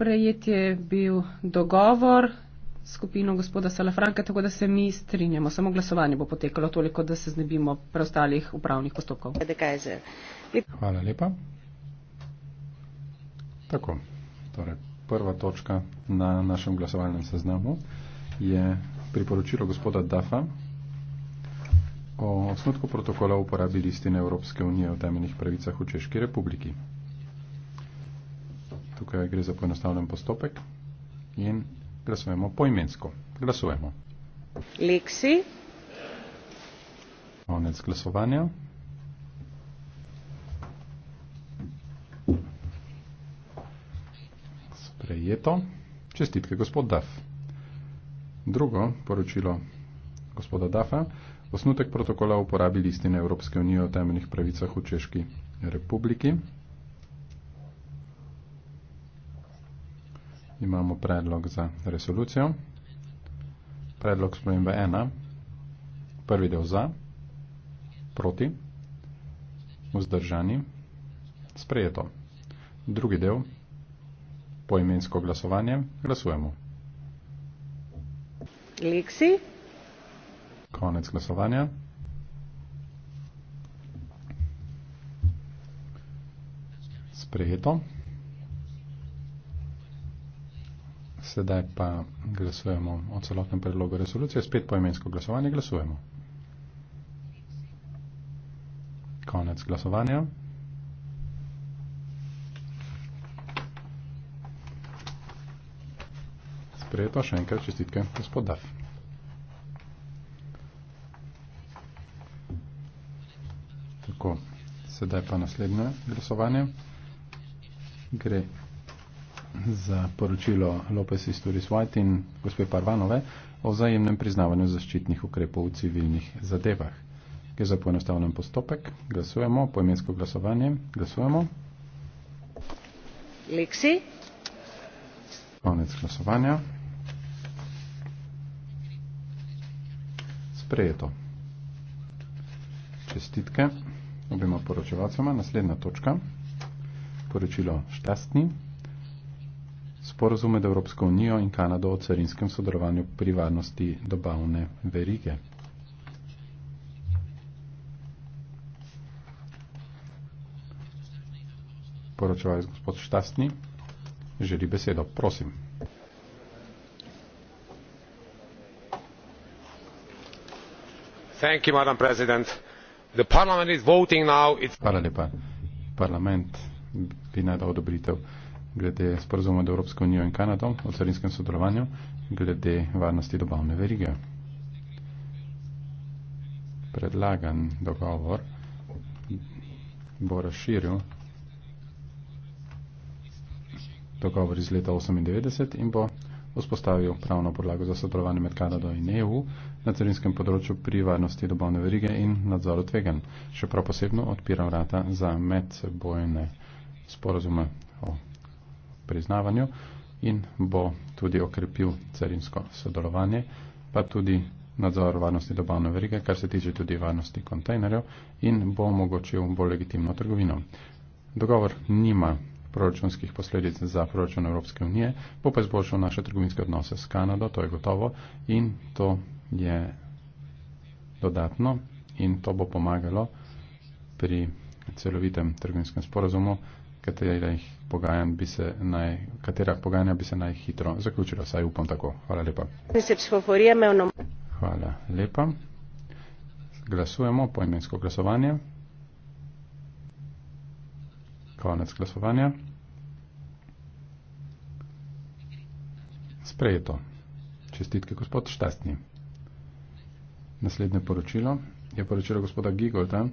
sprejet je bil dogovor skupino gospoda Salafranka, tako da se mi strinjamo. Samo glasovanje bo potekalo toliko, da se znebimo preostalih upravnih postopkov. Hvala lepa. Tako, torej prva točka na našem glasovalnem seznamu je priporočilo gospoda Dafa o osnutku protokola uporabi listine Evropske unije o temeljnih pravicah v Češki republiki. Tukaj gre za poenostavljen postopek in glasujemo poimensko. Glasujemo. Lexi. Konec glasovanja. Sprejeto. Čestitke, gospod Daf. Drugo poročilo gospoda Dafa. Osnutek protokola uporabi listine Evropske unije o temeljnih pravicah v Češki republiki. imamo predlog za resolucijo. Predlog spremembe 1. Prvi del za, proti, vzdržani, sprejeto. Drugi del, poimensko glasovanje, glasujemo. Leksi. Konec glasovanja. Sprejeto. Sedaj pa glasujemo o celotnem predlogu resolucije. Spet poimensko glasovanje glasujemo. Konec glasovanja. Sprejeto še enkrat čestitke gospod Daf. Tako, sedaj pa naslednje glasovanje. Gre za poročilo Lopes iz Turis White in gospe Parvanove o vzajemnem priznavanju zaščitnih ukrepov v civilnih zadevah. Gre za poenostavljen postopek. Glasujemo, poimensko glasovanje. Glasujemo. Leksi. Konec glasovanja. Sprejeto. Čestitke obima poročevalcema. Naslednja točka. Poročilo Štastni sporozum med Evropsko unijo in Kanado o carinskem sodelovanju pri varnosti dobavne verige. Poročevalec gospod Štastni želi besedo. Prosim. Thank you, madam president. The parliament is voting now. It's... Hvala lepa. Parlament bi naj dal odobritev glede sporozuma med Evropsko unijo in Kanado o carinskem sodelovanju glede varnosti dobavne verige. Predlagan dogovor bo razširil dogovor iz leta 1998 in bo vzpostavil pravno podlago za sodelovanje med Kanado in EU na carinskem področju pri varnosti dobavne verige in nadzoru tvegan. Še prav posebno odpira vrata za medsebojne sporozume o priznavanju in bo tudi okrepil carinsko sodelovanje, pa tudi nadzor varnosti dobavne verige, kar se tiče tudi varnosti kontejnerjev in bo omogočil bolj legitimno trgovino. Dogovor nima proračunskih posledic za proračun Evropske unije, bo pa izboljšal naše trgovinske odnose s Kanado, to je gotovo in to je dodatno in to bo pomagalo pri celovitem trgovinskem sporazumu katerih pogajanj bi se naj, katera pogajanja bi se naj hitro zaključila, saj upam tako. Hvala lepa. Hvala lepa. Glasujemo poimensko glasovanje. Konec glasovanja. Sprejeto. Čestitke, gospod Štastni. Naslednje poročilo je poročilo gospoda Gigolda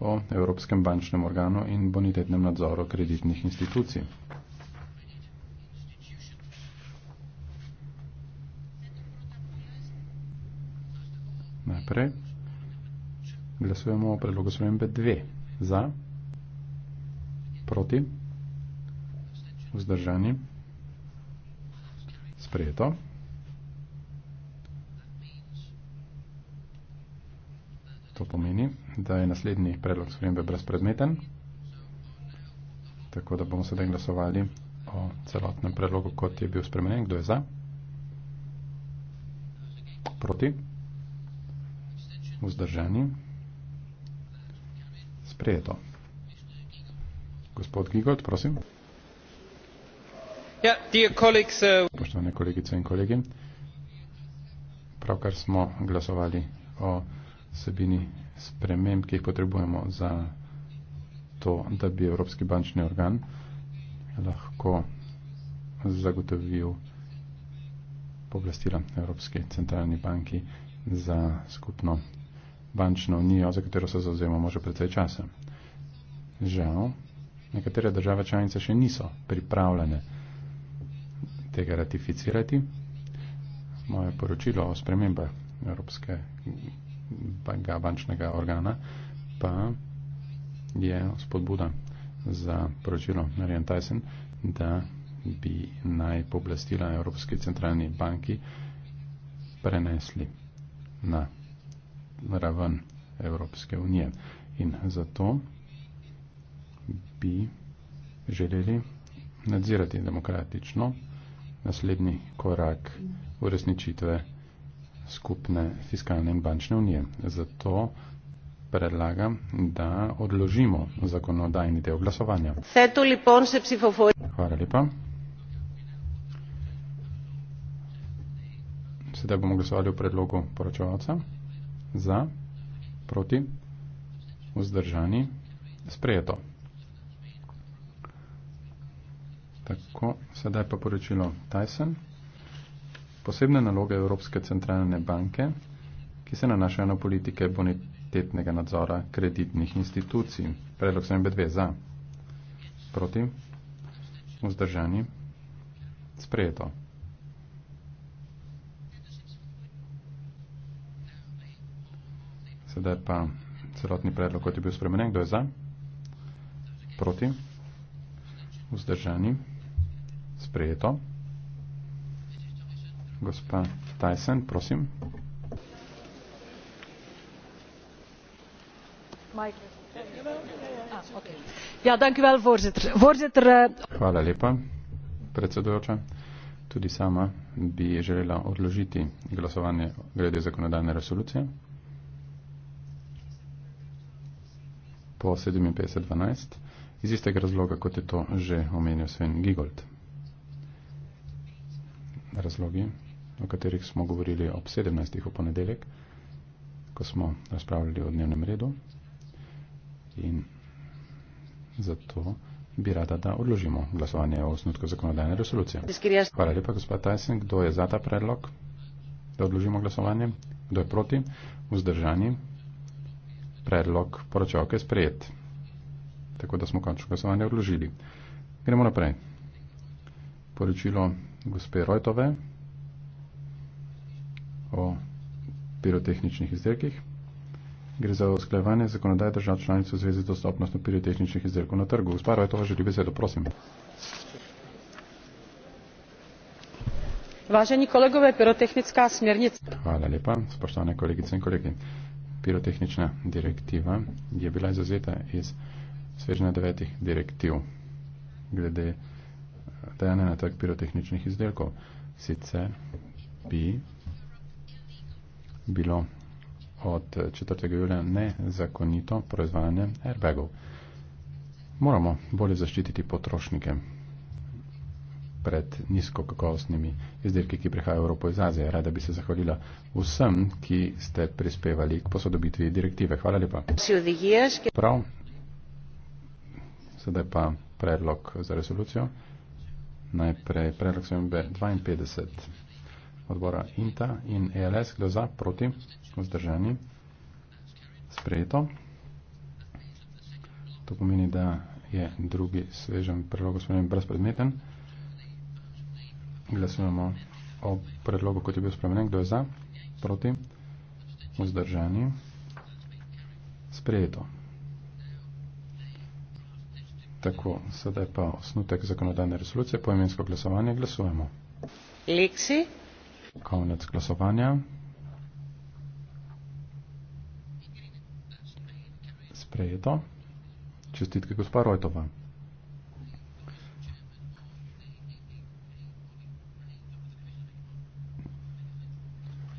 o Evropskem bančnem organu in bonitetnem nadzoru kreditnih institucij. Najprej glasujemo o predlogu spremembe 2. Za, proti, vzdržani, sprejeto. To pomeni, da je naslednji predlog spremembe brezpredmeten, tako da bomo sedaj glasovali o celotnem predlogu, kot je bil spremenjen. Kdo je za? Proti? Vzdržani? Sprejeto. Gospod Gigot, prosim. Ja, uh, Poštovane kolegice in kolegi, pravkar smo glasovali o sebini sprememb, ki jih potrebujemo za to, da bi Evropski bančni organ lahko zagotovil poblastila Evropske centralni banki za skupno bančno unijo, za katero se zauzemamo že predvsej časa. Žal, nekatere države članice še niso pripravljene tega ratificirati. Moje poročilo o spremembah Evropske tega bančnega organa, pa je spodbuda za poročilo Marian Tyson, da bi naj pooblastila Evropski centralni banki prenesli na raven Evropske unije. In zato bi želeli nadzirati demokratično naslednji korak uresničitve skupne fiskalne in bančne unije. Zato predlagam, da odložimo zakonodajni del glasovanja. Hvala lepa. Sedaj bomo glasovali o predlogu poročevalca za, proti, vzdržani, sprejeto. Tako, sedaj pa poročilo Tyson. Posebne naloge Evropske centralne banke, ki se nanašajo na politike bonitetnega nadzora kreditnih institucij. Predlog sem dve za. Proti. Vzdržani. Sprejeto. Sedaj pa celotni predlog, kot je bil spremenjen. Kdo je za? Proti. Vzdržani. Sprejeto gospa Tyson, prosim. Ja, dankjewel, voorzitter. Voorzitter, uh... Hvala lepa, predsedujoča. Tudi sama bi želela odložiti glasovanje glede zakonodajne resolucije po 57.12. iz istega razloga, kot je to že omenil Sven Gigold. Razlogi o katerih smo govorili ob 17. v ponedeljek, ko smo razpravljali o dnevnem redu. In zato bi rada, da odložimo glasovanje o osnutku zakonodajne resolucije. Hvala lepa, gospod Tyson. Kdo je za ta predlog, da odložimo glasovanje? Kdo je proti? Vzdržani. Predlog poročevalke je sprejet. Tako da smo končno glasovanje odložili. Gremo naprej. Poročilo gospe Rojtove o pirotehničnih izdelkih. Gre za usklajevanje zakonodaje držav članic v zvezi z dostopnostjo pirotehničnih izdelkov na trgu. Gospa Rojtova želi besedo, prosim. Važeni kolegove, pirotehnička smernica. Hvala lepa, spoštovane kolegice in kolegi. Pirotehnična direktiva je bila izuzeta iz svežne devetih direktiv glede dajanja na trg pirotehničnih izdelkov. Sicer bi bilo od 4. julija nezakonito proizvajanje airbagov. Moramo bolje zaščititi potrošnike pred nizkokakovostnimi izdelki, ki prihajajo v Evropo iz Azije. Rada bi se zahvalila vsem, ki ste prispevali k posodobitvi direktive. Hvala lepa. Prav. Sedaj pa predlog za resolucijo. Najprej predlog sem 52 odbora INTA in ELS glasa proti vzdržani sprejeto. To pomeni, da je drugi svežen predlog spremen brezpredmeten. Glasujemo o predlogu, kot je bil spremenen. Kdo je za? Proti? Vzdržani? Sprejeto. Tako, sedaj pa osnutek zakonodajne resolucije po imensko glasovanje glasujemo. Leksi? koniec głosowania. Sprejeto. Czystitki gospodarowa.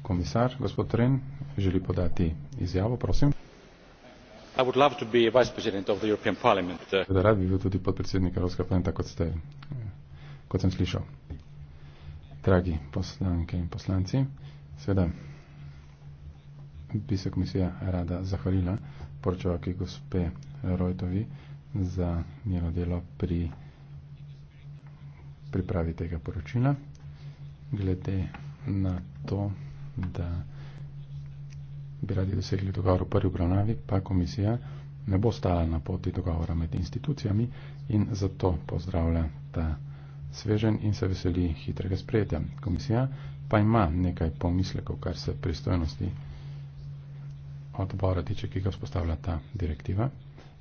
Komisar, gospodin, želi podati izjavo, prosim. I would love to be vice president of the European Parliament. Uh. Rad bi bil tudi podpredsednik Evropskega parlamenta, kot, ste, kot sem slišal dragi poslanke in poslanci. Seveda bi se komisija rada zahvalila poročevalki gospe Rojtovi za njeno delo pri pripravi tega poročila. Glede na to, da bi radi dosegli dogovor v prvi obravnavi, pa komisija ne bo stala na poti dogovora med institucijami in zato pozdravlja ta svežen in se veseli hitrega sprejetja. Komisija pa ima nekaj pomislekov, kar se pristojnosti odbora tiče, ki ga vzpostavlja ta direktiva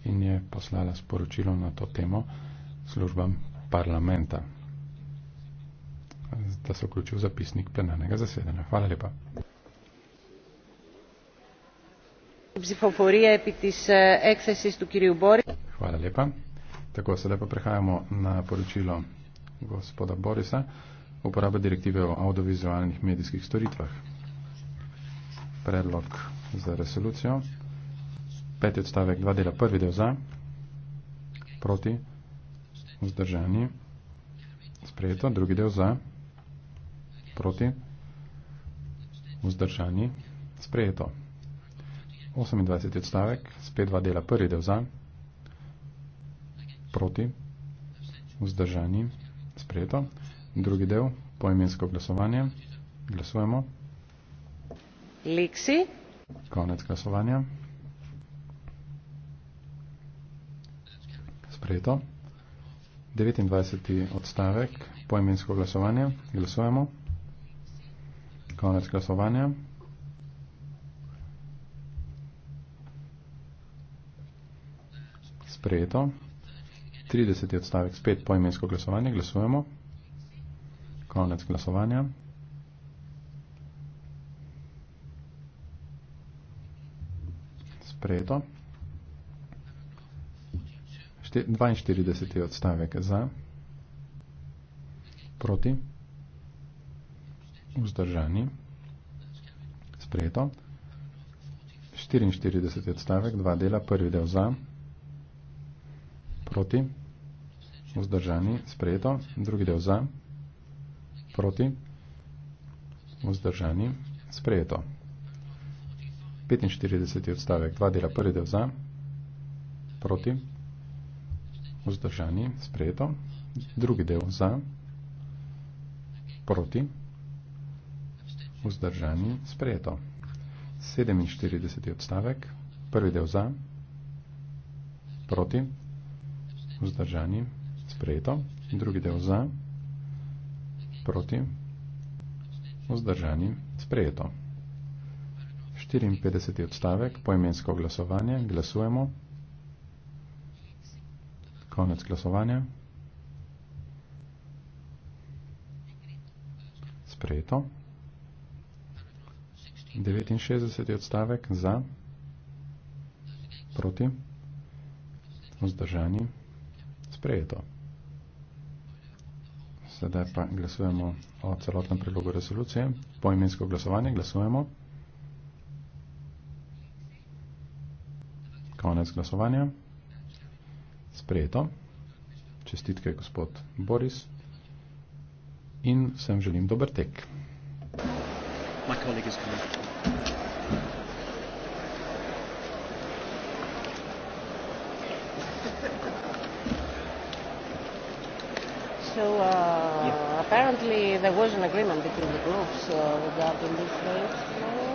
in je poslala sporočilo na to temo službam parlamenta, da se vključil zapisnik plenarnega zasedanja. Hvala lepa. Hvala lepa. Tako, sedaj pa prehajamo na poročilo gospoda Borisa, uporaba direktive o audiovizualnih medijskih storitvah. Predlog za resolucijo. Peti odstavek, dva dela, prvi del za, proti, vzdržani, sprejeto, drugi del za, proti, vzdržani, sprejeto. 28. odstavek, spet dva dela, prvi del za, proti, vzdržani, sprejeto sprejeto. Drugi del, poimensko glasovanje. Glasujemo. Lexi. Konec glasovanja. Sprejeto. 29. odstavek, poimensko glasovanje. Glasujemo. Konec glasovanja. Sprejeto. 30. odstavek, spet poimensko glasovanje, glasujemo. Konec glasovanja. Sprejeto. 42. odstavek za, proti, vzdržani, sprejeto. 44. odstavek, dva dela, prvi del za, proti, vzdržani vzdržani, sprejeto, drugi del za, proti, vzdržani, sprejeto. 45. odstavek, dva dela, prvi del za, proti, vzdržani, sprejeto, drugi del za, proti, vzdržani, sprejeto. 47. odstavek, prvi del za, proti, vzdržani, sprejeto sprejeto. Drugi del za, proti, vzdržani, sprejeto. 54. odstavek, poimensko glasovanje, glasujemo. Konec glasovanja. Sprejeto. 69. odstavek za, proti, vzdržani, sprejeto. Sedaj pa glasujemo o celotnem predlogu resolucije. Poimensko glasovanje glasujemo. Konec glasovanja. Sprejeto. Čestitke, gospod Boris. In vsem želim dober tek. My colleague is coming. so uh, yeah. apparently there was an agreement between the groups uh, regarding this race. Uh,